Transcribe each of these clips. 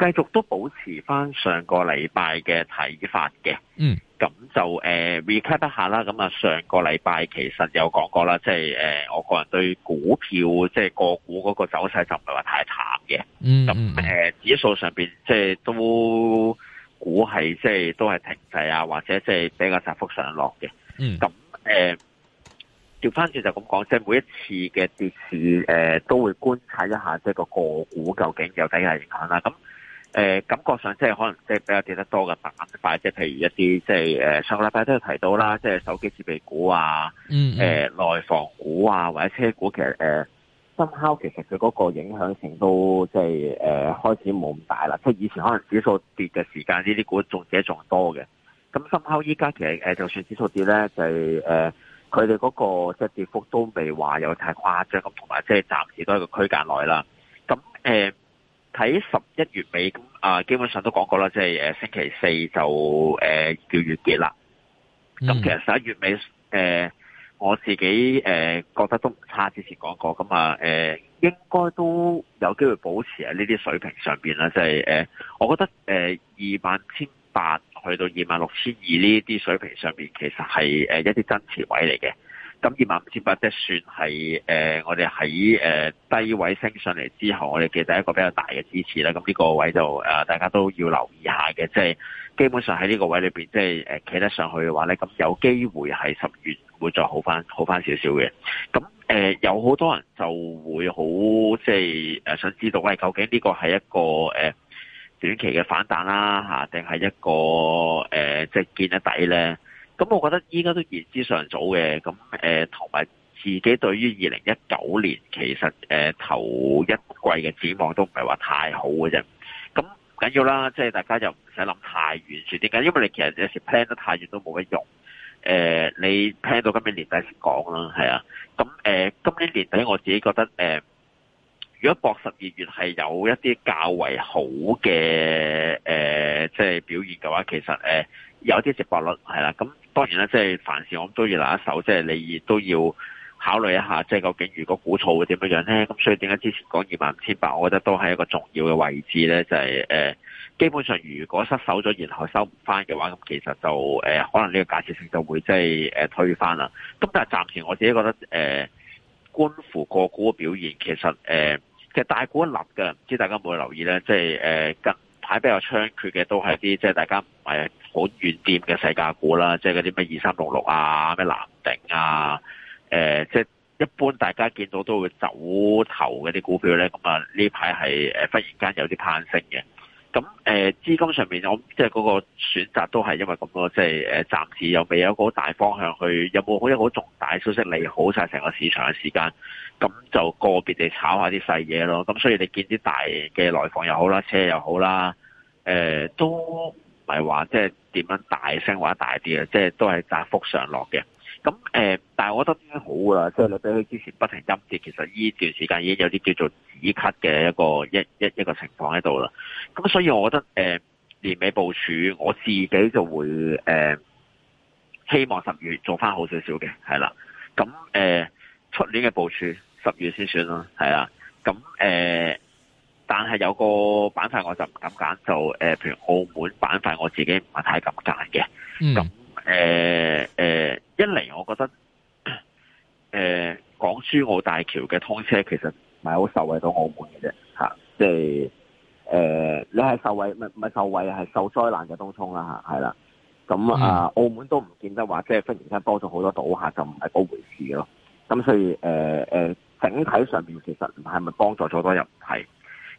繼續都保持翻上個禮拜嘅睇法嘅，嗯，咁就誒、uh, recap 一下啦。咁啊，上個禮拜其實有講過啦，即係誒，uh, 我個人對股票即係個股嗰個走勢就唔係話太淡嘅，嗯，咁誒、uh, 指數上面即係都股係即係都係停滯啊，或者即係比較窄幅上落嘅，嗯，咁誒調翻轉就咁講，即、就、係、是、每一次嘅跌市誒、呃、都會觀察一下，即係個個股究竟有啲咩影響啦，咁。誒，感覺上即係可能即係比較跌得多嘅板塊，即係譬如一啲即係誒上個禮拜都有提到啦，即係手機設備股啊，誒內房股啊，或者車股，其實誒深拋其實佢嗰個影響性都即係誒開始冇咁大啦。即係以前可能指數跌嘅時間，呢啲股跌得仲多嘅。咁深拋依家其實誒，就算指數跌咧，就係誒佢哋嗰個即係跌幅都未話有太誇張，咁同埋即係暫時都喺個區間內啦。咁誒。喺十一月尾咁啊，基本上都講過啦，即係誒星期四就誒叫月結啦。咁、嗯、其實十一月尾誒，我自己誒覺得都唔差。之前講過咁啊誒，應該都有機會保持喺呢啲水平上邊啦。即係誒，我覺得誒二萬五千八去到二萬六千二呢啲水平上邊，其實係誒一啲增持位嚟嘅。咁二萬五千八，即係算係誒，我哋喺誒低位升上嚟之後，我哋記得一個比較大嘅支持啦。咁呢個位就誒，大家都要留意下嘅。即係基本上喺呢個位裏面，即係誒企得上去嘅話咧，咁有機會係十月會再好翻，好翻少少嘅。咁誒，有好多人就會好即係想知道喂，究竟呢個係一個誒短期嘅反彈啦，嚇？定係一個誒，即係見得底咧？咁我覺得依家都言之尚早嘅，咁誒同埋自己對於二零一九年其實誒、呃、頭一季嘅展望都唔係話太好嘅啫。咁唔緊要啦，即係大家又唔使諗太遠，算點解？因為你其實有時 plan 得太遠都冇乜用。誒、呃，你 plan 到今年年底先講啦，係啊。咁誒、呃，今年年底我自己覺得誒、呃，如果博十二月係有一啲較為好嘅誒、呃，即係表現嘅話，其實誒、呃、有啲值博率係啦。咁當然啦，即、就、係、是、凡事我諗都要拿一手，即、就、係、是、你亦都要考慮一下，即、就、係、是、究竟如果估錯會點樣樣咧？咁所以點解之前講二萬五千八，我覺得都係一個重要嘅位置咧，就係、是呃、基本上如果失手咗，然後收唔返嘅話，咁其實就、呃、可能呢個假設性就會即係、呃、推翻啦。咁但係暫時我自己覺得誒、呃，觀乎個股嘅表現其實誒、呃、其實大股一立嘅，唔知大家有冇留意咧？即係誒喺比較猖獗嘅都係啲即係大家唔係好遠啲嘅細價股啦，即係嗰啲咩二三六六啊、咩藍鼎啊、誒即係一般大家見到都會走頭嗰啲股票咧，咁啊呢排係誒忽然間有啲攀升嘅。咁誒、呃、資金上面我即係嗰個選擇都係因為咁咯，即係誒暫時又未有一個大方向去，有冇好一個重大消息利好晒成個市場嘅時間，咁就個別地炒一下啲細嘢咯。咁所以你見啲大嘅內房又好啦、車又好啦。誒、呃，都唔係話即係點樣大聲或者大啲，即係都係窄幅上落嘅。咁誒、呃，但係我覺得已經好噶啦，即、就、係、是、你睇佢之前不停陰跌，其實呢段時間已經有啲叫做止咳嘅一個一一一個情況喺度啦。咁所以我覺得誒、呃，年尾部署我自己就會誒、呃，希望十月做翻好少少嘅，係啦。咁誒，出、呃、年嘅部署十月先算啦，係啦。咁誒。呃但係有個板塊我就唔敢揀，就誒、呃，譬如澳門板塊，我自己唔係太敢揀嘅。咁誒誒，一嚟我覺得誒、呃、港珠澳大橋嘅通車其實唔係好受惠到澳門嘅啫，即係誒你係受惠唔係受惠係受災難嘅東涌啦，係啦。咁啊，啊嗯、澳門都唔見得話即係忽然間多咗好多賭客，就唔係嗰回事咯。咁所以誒、呃、整體上面其實唔係咪幫助咗多人？係。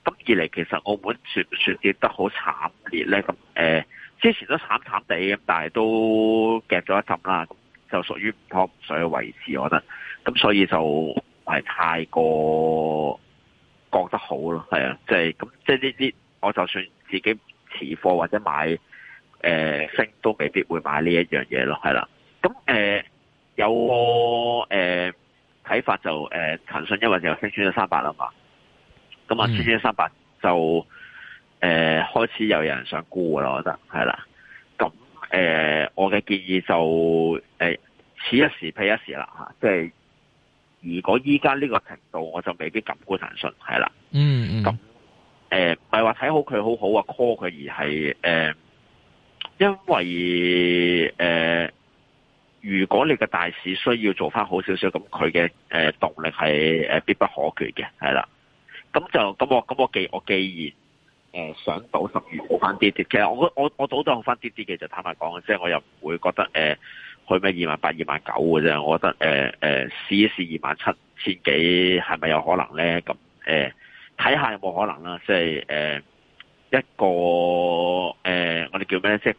咁二嚟，而其實澳門算唔算跌得好慘烈咧？咁誒、呃，之前都慘慘地，咁但係都夾咗一浸啦，就屬於唔湯唔水嘅維持我覺得。咁所以就唔係太過覺得好咯，係啊、就是，即係咁，即係呢啲我就算自己持貨或者買誒升，呃、都未必會買呢一樣嘢咯，係啦。咁誒、呃、有誒睇、呃、法就誒騰訊，因為就升穿咗三百啦嘛。咁啊，千千、嗯、三百就誒、呃、開始又有人想沽嘅咯，我覺得係啦。咁誒、呃、我嘅建議就誒、呃、此一時彼一時啦吓、啊，即係如果依家呢個程度，我就未必敢沽騰訊係啦。嗯嗯。咁誒唔係話睇好佢好好啊 call 佢，而係誒因為誒、呃、如果你嘅大市需要做翻好少少，咁佢嘅誒動力係誒必不可缺嘅，係啦。咁就咁我咁我既我既然上，呃、想賭十月好翻啲，啲其實我我我賭都係翻啲啲其實坦白講，即、就、係、是、我又唔會覺得誒、呃、去咩二萬八、二萬九嘅啫。我覺得誒誒試一試二萬七千幾係咪有可能咧？咁誒睇下有冇可能啦。即係誒一個誒、呃、我哋叫咩呢？即、就、係、是、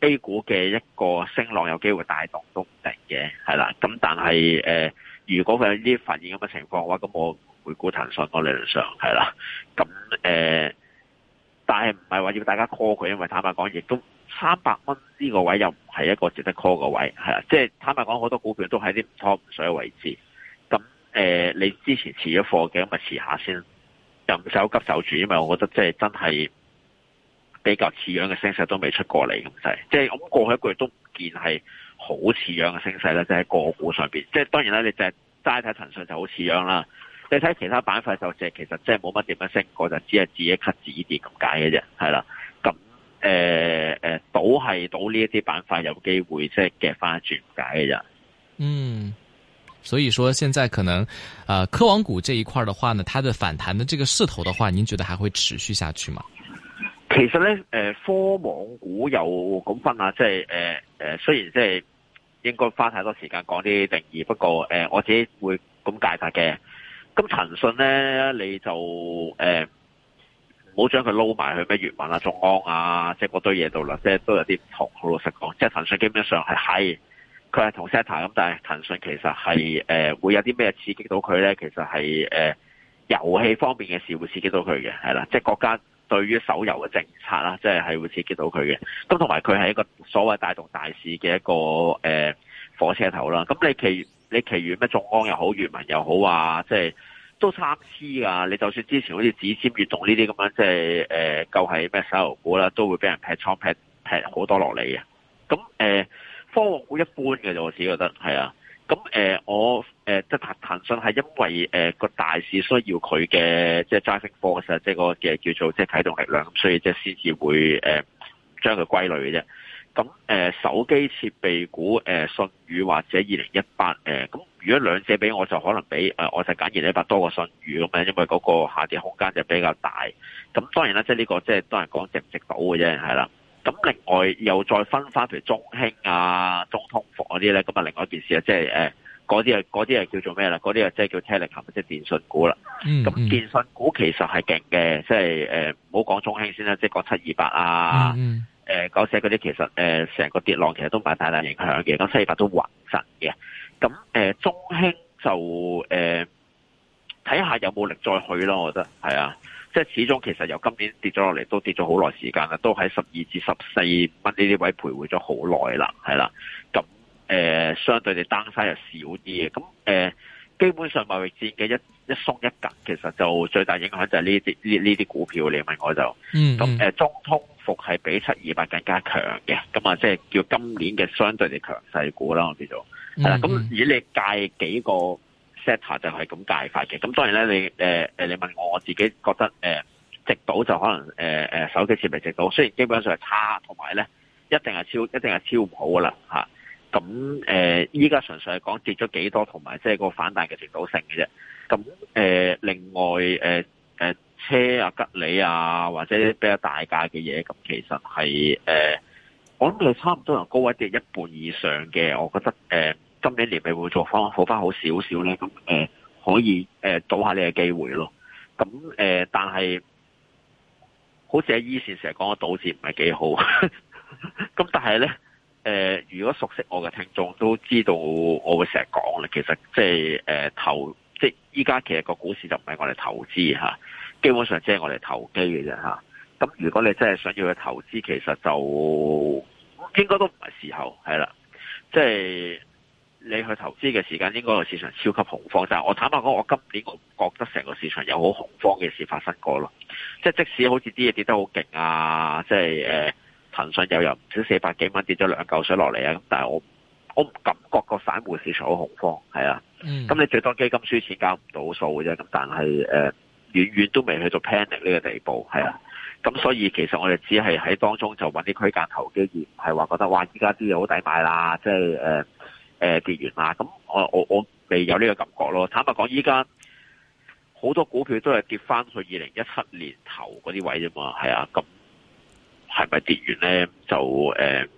A 股嘅一個升浪有機會帶動都唔定嘅，係啦。咁但係誒、呃，如果佢有啲發現咁嘅情況嘅話，咁我。回顧騰訊，個理論上係啦，咁誒、呃，但係唔係話要大家 call 佢，因為坦白講，亦都三百蚊呢個位又唔係一個值得 call 嘅位，係啦，即係坦白講，好多股票都喺啲唔湯唔水嘅位置。咁誒、呃，你之前持咗貨嘅，咁咪持下先，又唔使好急守住，因為我覺得即係真係比較似樣嘅升勢都未出過嚟咁滯，即係我過去一個月都唔見係好似樣嘅升勢咧，即係個股上面，即係當然啦，你淨係齋睇騰訊就好似樣啦。你睇其他板塊就即係，其實即係冇乜點樣升過，就只係止一級止一跌咁解嘅啫。係啦，咁誒誒，賭係賭呢一啲板塊有機會即係夾翻轉解嘅啫。嗯，所以說，現在可能啊，科網股這一塊嘅話呢，它的反彈嘅這個勢頭的話，您覺得還會持續下去嗎？嗯呃、呢去嗎其實咧，誒、呃、科網股有咁分啊，即係誒誒，雖然即係應該花太多時間講啲定義，不過誒、呃，我自己會咁解法嘅。咁騰訊咧，你就誒唔好將佢撈埋去咩閱文啊、眾安啊，即係嗰堆嘢度啦，即係都有啲唔同。好老實講，即係騰訊基本上係係佢係同 setter 咁，但係騰訊其實係誒、呃、會有啲咩刺激到佢咧？其實係誒、呃、遊戲方面嘅事會刺激到佢嘅，係啦，即係國家對於手遊嘅政策啦，即係會刺激到佢嘅。咁同埋佢係一個所謂帶動大市嘅一個、呃、火車頭啦。咁你其你其餘咩眾安又好，閱文又好啊，即係都參差㗎。你就算之前好似指尖悅動呢啲咁樣，即係誒夠係咩手遊股啦，都會俾人劈倉劈劈好多落嚟嘅。咁誒、呃，科網好一般嘅啫，我自己覺得係啊。咁誒、呃，我誒即係騰騰訊係因為誒個、呃、大市需要佢嘅，即係揸升貨嘅時候，即係個嘅叫做即係啟動力量，所以即係先至會誒將佢歸類嘅啫。咁誒手機設備股誒，信譽或者二零一八誒，咁如果兩者俾我就可能俾誒，我就揀二零一八多過信譽咁樣，因為嗰個下跌空間就比較大。咁當然啦，即係呢個即係都係講值唔值到嘅啫，係啦。咁另外又再分翻譬如中興啊、中通服嗰啲咧，咁啊，另外一件事啊，即係誒嗰啲啊嗰啲叫做咩啦？嗰啲啊即係叫 Telecom 即係電信股啦。咁、嗯嗯、電信股其實係勁嘅，即係誒唔好講中興先啦，即係講七二八啊。嗯嗯誒，狗舍嗰啲其實誒，成、呃、個跌浪其實都唔係太大影響嘅，咁西爾都穩神嘅。咁誒、呃，中興就誒，睇、呃、下有冇力再去咯。我覺得係啊，即係始終其實由今年跌咗落嚟，都跌咗好耐時間啦，都喺十二至十四蚊呢啲位徘徊咗好耐啦，係啦、啊。咁、呃、誒，相對地單 o 又少啲嘅。咁誒、呃，基本上貿易戰嘅一一鬆一緊，其實就最大影響就係呢啲呢呢啲股票。你問我就，咁誒、呃，中通。局係比七二八更加強嘅，咁啊，即係叫今年嘅相對嘅強勢股啦，我叫做係啦。咁、嗯嗯、以你介幾個 setter 就係咁介法嘅。咁當然咧，你誒誒、呃，你問我我自己覺得誒、呃，直到就可能誒誒、呃，手機設備直到，雖然基本上係差，同埋咧一定係超一定係超唔好噶啦吓。咁、啊、誒，依家純粹係講跌咗幾多，同埋即係個反彈嘅直到性嘅啫。咁誒、呃，另外誒誒。呃呃車啊，吉利啊，或者比較大價嘅嘢，咁其實係誒、呃，我諗佢哋差唔多，人高位嘅一半以上嘅。我覺得誒、呃，今年年尾會做翻好翻好少少咧。咁誒、呃，可以誒賭、呃、下呢個機會咯。咁、嗯、誒、呃，但係好似阿以前成日講，賭字唔係幾好。咁 但係咧，誒、呃，如果熟悉我嘅聽眾都知道，我會成日講啦。其實即係誒，投即係依家其實個股市就唔係我哋投資吓。基本上即係我哋投機嘅啫吓，咁如果你真係想要去投資，其實就應該都唔係時候係啦，即係、就是、你去投資嘅時間，應該個市場超級恐慌。但係我坦白講，我今年我唔覺得成個市場有好恐慌嘅事發生過咯。即、就、係、是、即使好似啲嘢跌得好勁啊，即係誒騰訊又有唔少四百幾蚊跌咗兩嚿水落嚟啊，咁但係我我唔感覺個散戶市場好恐慌，係啊。咁你最多基金輸錢交唔到數嘅啫。咁但係誒。呃遠遠都未去到 panic 呢個地步，係啊，咁所以其實我哋只係喺當中就揾啲區間投機，而唔係話覺得哇，依家啲嘢好抵買啦，即係誒誒跌完啦，咁我我我未有呢個感覺咯。坦白講，依家好多股票都係跌翻去二零一七年頭嗰啲位啫嘛，係啊，咁係咪跌完呢？就誒。呃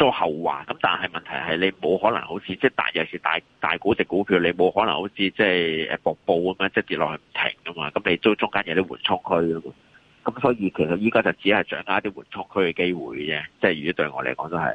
都後話，咁但係問題係你冇可能好似即係，大尤其是大大股值股票，你冇可能好似即係誒瀑布咁樣即係跌落去唔停噶嘛，咁你都中間有啲緩衝區嘅。咁所以其實依家就只係掌握一啲緩衝區嘅機會啫，即係如果對我嚟講都係。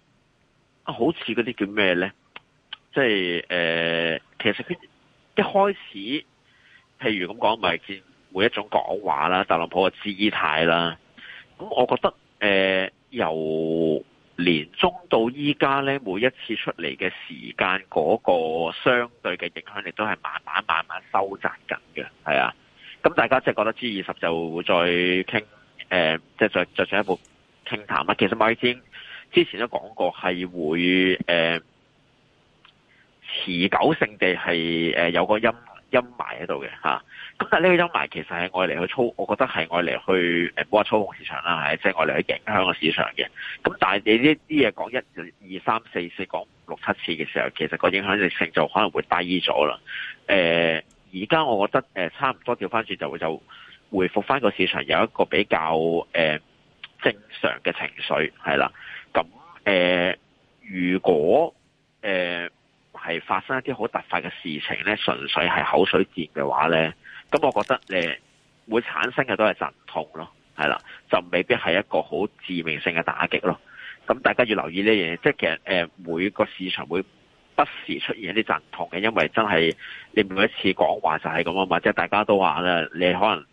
好似嗰啲叫咩咧？即係誒、呃，其實佢一開始，譬如咁講，咪見每一種講話啦，特朗普嘅姿態啦。咁我覺得誒、呃，由年中到依家咧，每一次出嚟嘅時間嗰、那個相對嘅影響力都係慢慢慢慢收窄緊嘅。係啊，咁大家即係覺得 G 二十就會再傾誒、呃，即係再再進一步傾談啦。其實貿易戰。之前都講過，係會誒、呃、持久性地係有個陰陰霾喺度嘅。咁但呢個陰霾其實係我嚟去操，我覺得係我嚟去唔好話、呃、操控市場啦，係即係我嚟去影響個市場嘅。咁、啊、但係你呢啲嘢講一、二、三、四、四講五六七次嘅時候，其實個影響力性就可能會低咗啦。誒、呃，而家我覺得、呃、差唔多調翻轉就會就回復翻個市場有一個比較誒、呃、正常嘅情緒係啦。誒、呃，如果誒係、呃、發生一啲好突發嘅事情咧，純粹係口水戰嘅話咧，咁我覺得誒、呃、會產生嘅都係陣痛咯，係啦，就未必係一個好致命性嘅打擊咯。咁大家要留意呢樣嘢，即係其實誒、呃，每個市場會不時出現一啲陣痛嘅，因為真係你每一次講話就係咁啊嘛，即係大家都話咧，你可能。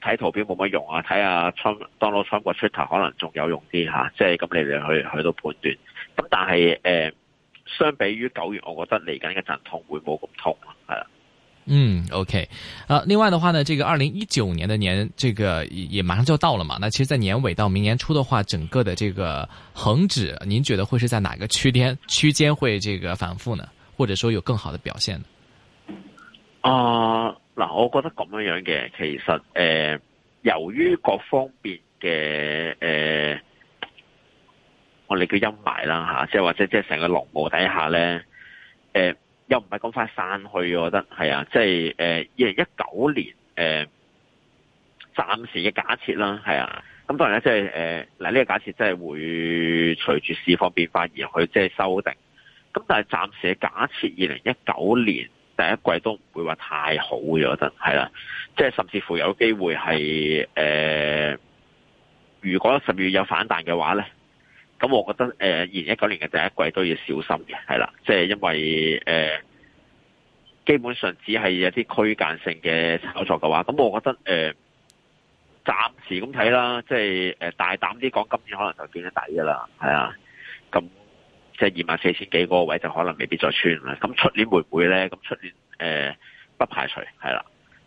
睇圖表冇乜用，看啊，用啊，睇下 Donald Trump 個 Twitter，可能仲有用啲吓。即係咁，你哋去去到判斷。咁但係誒、呃，相比於九月，我覺得嚟緊嘅陣痛會冇咁痛，係啦。嗯，OK。啊，另外嘅話呢，這個二零一九年嘅年，這個也也馬上就到了嘛。那其實在年尾到明年初的話，整個的這個恆指，您覺得會是在哪個區間區間會這個反覆呢？或者說有更好的表現呢？啊、呃。嗱，我覺得咁樣樣嘅，其實誒、呃、由於各方面嘅誒、呃、我哋叫陰霾啦吓，即係或者即係成個濃霧底下咧，誒、呃、又唔係咁快散去，我覺得係啊，即係誒二零一九年誒、呃、暫時嘅假設啦，係啊，咁當然咧即係誒嗱呢個假設即係會隨住市況變化而去即係修訂，咁但係暫時嘅假設二零一九年。第一季都唔會話太好嘅，我覺得係啦，即係甚至乎有機會係誒、呃，如果十月有反彈嘅話咧，咁我覺得誒，二零一九年嘅第一季都要小心嘅，係啦，即係因為誒、呃，基本上只係有啲區間性嘅炒作嘅話，咁我覺得誒，暫、呃、時咁睇啦，即係誒大膽啲講，今年可能就見咗底噶啦，係啊，咁。即係二萬四千幾嗰個位就可能未必再穿啦。咁出年會唔會咧？咁出年誒、呃、不排除係啦。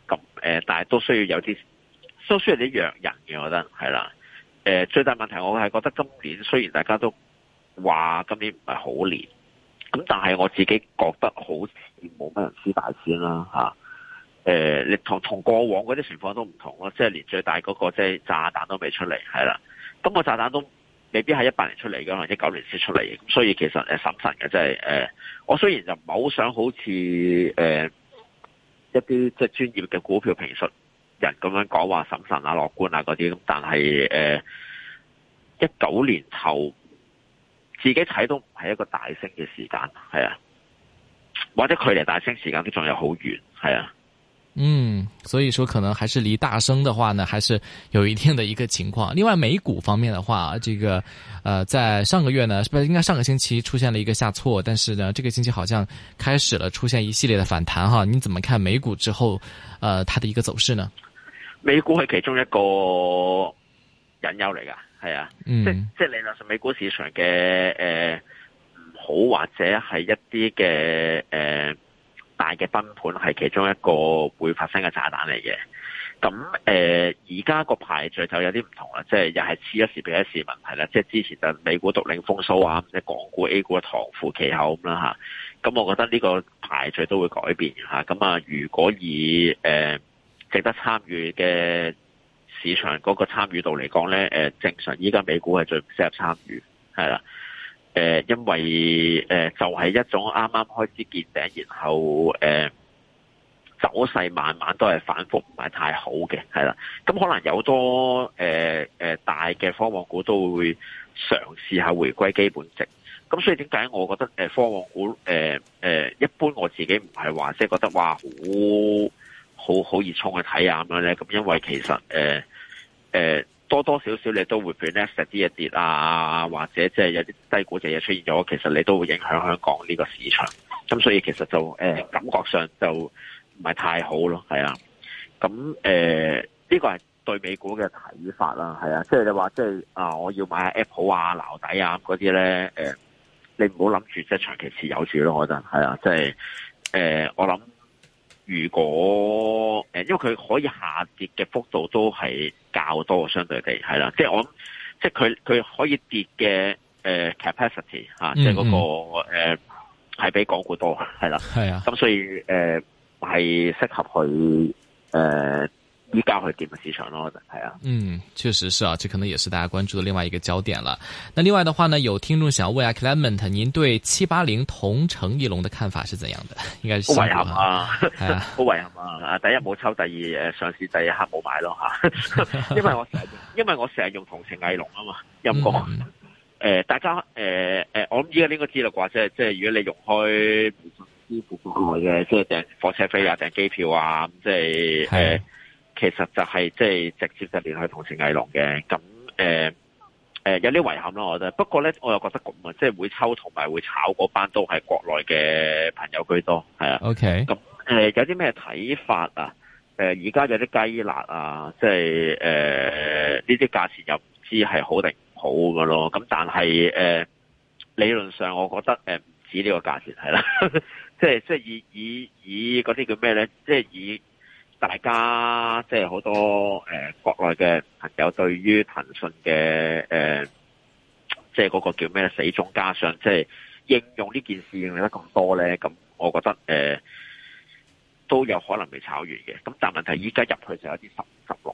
咁誒、呃，但係都需要有啲，都需要啲弱人嘅，我覺得係啦。誒、呃，最大問題是我係覺得今年雖然大家都話今年唔係好年，咁但係我自己覺得好似冇乜人輸大錢啦吓。誒、啊呃，你同同過往嗰啲情況都唔同咯，即、就、係、是、連最大嗰、那個即係炸彈都未出嚟，係啦。咁、那個炸彈都。未必係一八年出嚟嘅，或者一九年先出嚟，咁所以其實誒審慎嘅，即係誒，我雖然就唔係好想好似誒、呃、一啲即係專業嘅股票評述人咁樣講話審慎啊、樂觀啊啲，咁但係誒、呃、一九年頭自己睇都唔係一個大升嘅時間，係啊，或者距離大升時間都仲有好遠，係啊。嗯，所以說可能還是離大升的話呢，還是有一定的一個情況。另外，美股方面的話，這個呃，在上個月呢，是不是應該上個星期出現了一個下挫？但是呢，這個星期好像開始了出現一系列的反彈哈。你怎麼看美股之後呃它的一個走勢呢？美股係其中一個隱憂嚟㗎，係啊、嗯，即即理論上美股市場嘅誒唔好或者係一啲嘅誒。呃大嘅崩盤係其中一個會發生嘅炸彈嚟嘅，咁誒而家個排序就有啲唔同啦，即係又係遲一時比一時問題啦，即係之前就美股獨領風騷啊，咁即係港股 A 股瞠乎其後咁啦吓，咁我覺得呢個排序都會改變吓，咁啊如果以誒、呃、值得參與嘅市場嗰個參與度嚟講呢，正常依家美股係最唔適合參與，係啦。誒、呃，因為誒、呃、就係、是、一種啱啱開始見頂，然後誒、呃、走勢慢慢都係反覆，唔係太好嘅，係啦。咁、嗯、可能有多誒誒、呃呃、大嘅科網股都會嘗試下回歸基本值。咁、嗯、所以點解我覺得誒科網股誒誒、呃呃、一般我自己唔係話即係覺得話好好好好易衝去睇啊咁樣咧？咁、嗯、因為其實誒誒。呃呃多多少少你都會被呢啲嘢跌啊，或者即係有啲低估值嘢出現咗，其實你都會影響香港呢個市場。咁所以其實就誒、呃、感覺上就唔係太好咯，係啊。咁誒呢個係對美股嘅睇法啦，係啊。即係你話即係啊，我要買 Apple 啊、撈底啊嗰啲咧，誒、呃、你唔好諗住即係長期持有住咯，我覺得係啊，即係誒我諗。如果誒，因為佢可以下跌嘅幅度都係較多，相對地係啦，即係我即係佢佢可以跌嘅誒、呃、capacity 嚇、啊，即係嗰個誒係、呃、比港股多係啦，係啊，咁所以誒係適合佢誒。呃依家去資本市場咯，係啊，嗯，確實是啊，這可能也是大家關注的另外一個焦點了。那另外的話呢，有聽眾想要問下，Clement，您對七八零同程藝龍的看法是怎樣的？應該係好遺憾啊，好遺憾啊。第一冇抽，第二誒，上市第一刻冇買咯吓， 因為我成，因為我成日用同程藝龍啊嘛，音哥。誒、嗯呃，大家誒誒、呃呃，我諗依家應該知道啩，即係即係，如果你用開支付嘅，即係訂火車飛啊，訂機票啊，即係其實就係即係直接就聯繫同是藝龍嘅，咁誒誒有啲遺憾咯，我覺得。不過咧，我又覺得咁啊，即係會抽同埋會炒嗰班都係國內嘅朋友居多，係啊。OK。咁、呃、誒有啲咩睇法啊？誒、呃，而家有啲雞肋啊，即係誒呢啲價錢又唔知係好定唔好㗎咯。咁但係誒、呃、理論上，我覺得誒唔止呢個價錢係啦， 即係即係以以以嗰啲叫咩咧？即係以。大家即係好多誒、呃，國內嘅朋友對於騰訊嘅誒，即係嗰個叫咩死忠加上即係應用呢件事應用得咁多咧，咁我覺得誒、呃、都有可能未炒完嘅。咁但係問題依家入去就有啲十十六。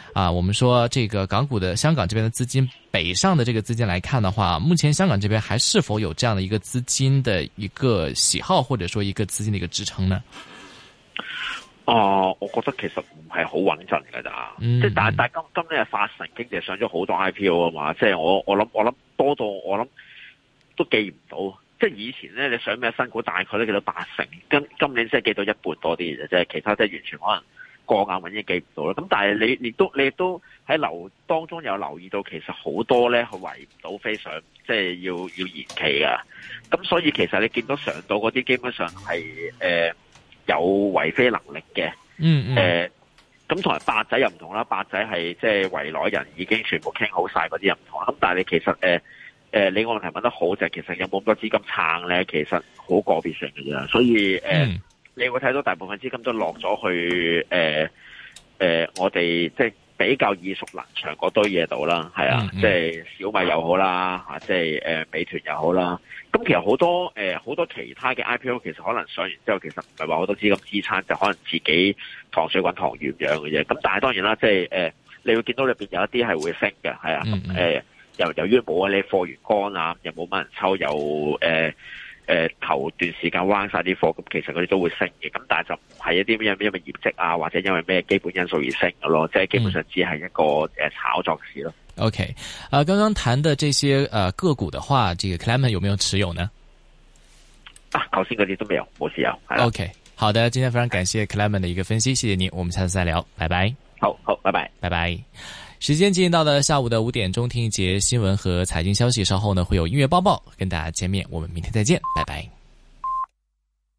啊，我們說這個港股的香港這邊的資金，北上的這個資金來看的話，目前香港這邊還是否有這樣的一個資金的一個喜好，或者說一個資金的一個支撐呢？哦、呃，我覺得其實唔係好穩陣噶咋，即係、嗯、但係但今今年嘅發神經就上咗好多 IPO 啊嘛，即係我我諗我諗多到我諗都記唔到，即係以前咧你上咩新股，大概都記到八成，今今年先記到一半多啲嘅啫，即係其他即係完全可能。過眼揾嘢記唔到啦，咁但係你亦都你亦都喺留當中有留意到，其實好多咧佢圍唔到飛上，即係要要延期啊。咁所以其實你見到上到嗰啲，基本上係誒、呃、有圍飛能力嘅。嗯。嗯嗯。咁同埋八仔又唔同啦，八仔係即係圍內人已經全部傾好晒嗰啲又唔同，咁但係你其實誒誒、呃呃，你個問題問得好就係、是，其實有冇咁多資金撐咧，其實好個別性嘅啫。所以誒。呃嗯你會睇到大部分資金都落咗去，誒、呃、誒、呃，我哋即係比較耳熟能詳嗰堆嘢度啦，係啊，即係、mm hmm. 小米又好啦，即、啊、係、就是呃、美團又好啦。咁其實好多誒好、呃、多其他嘅 IPO 其實可能上完之後，其實唔係話好多資金支撐，就可能自己糖水滾糖漿樣嘅嘢。咁但係當然啦，即、就、係、是呃、你會見到裏面有一啲係會升嘅，係啊，誒、mm hmm. 呃，由由於冇啊你貨源乾啊，又冇乜人抽，又誒。呃誒、呃，頭段時間彎晒啲貨，咁其實嗰啲都會升嘅，咁但係就唔係一啲咩咩因為業績啊，或者因為咩基本因素而升嘅咯，即係基本上只係一個炒作事咯。OK，啊、嗯呃，剛剛談的這些誒、呃、個股的話，這個 Clement 有沒有持有呢？啊，頭先嗰啲都沒有，冇持有。OK，好的，今天非常感謝 Clement 的一個分析，謝謝你，我們下次再聊，拜拜。好好，拜拜，拜拜。時間進行到了下午的五點鐘，聽一節新聞和財經消息。稍後呢，會有音樂播報，報跟大家見面。我們明天再見，拜拜。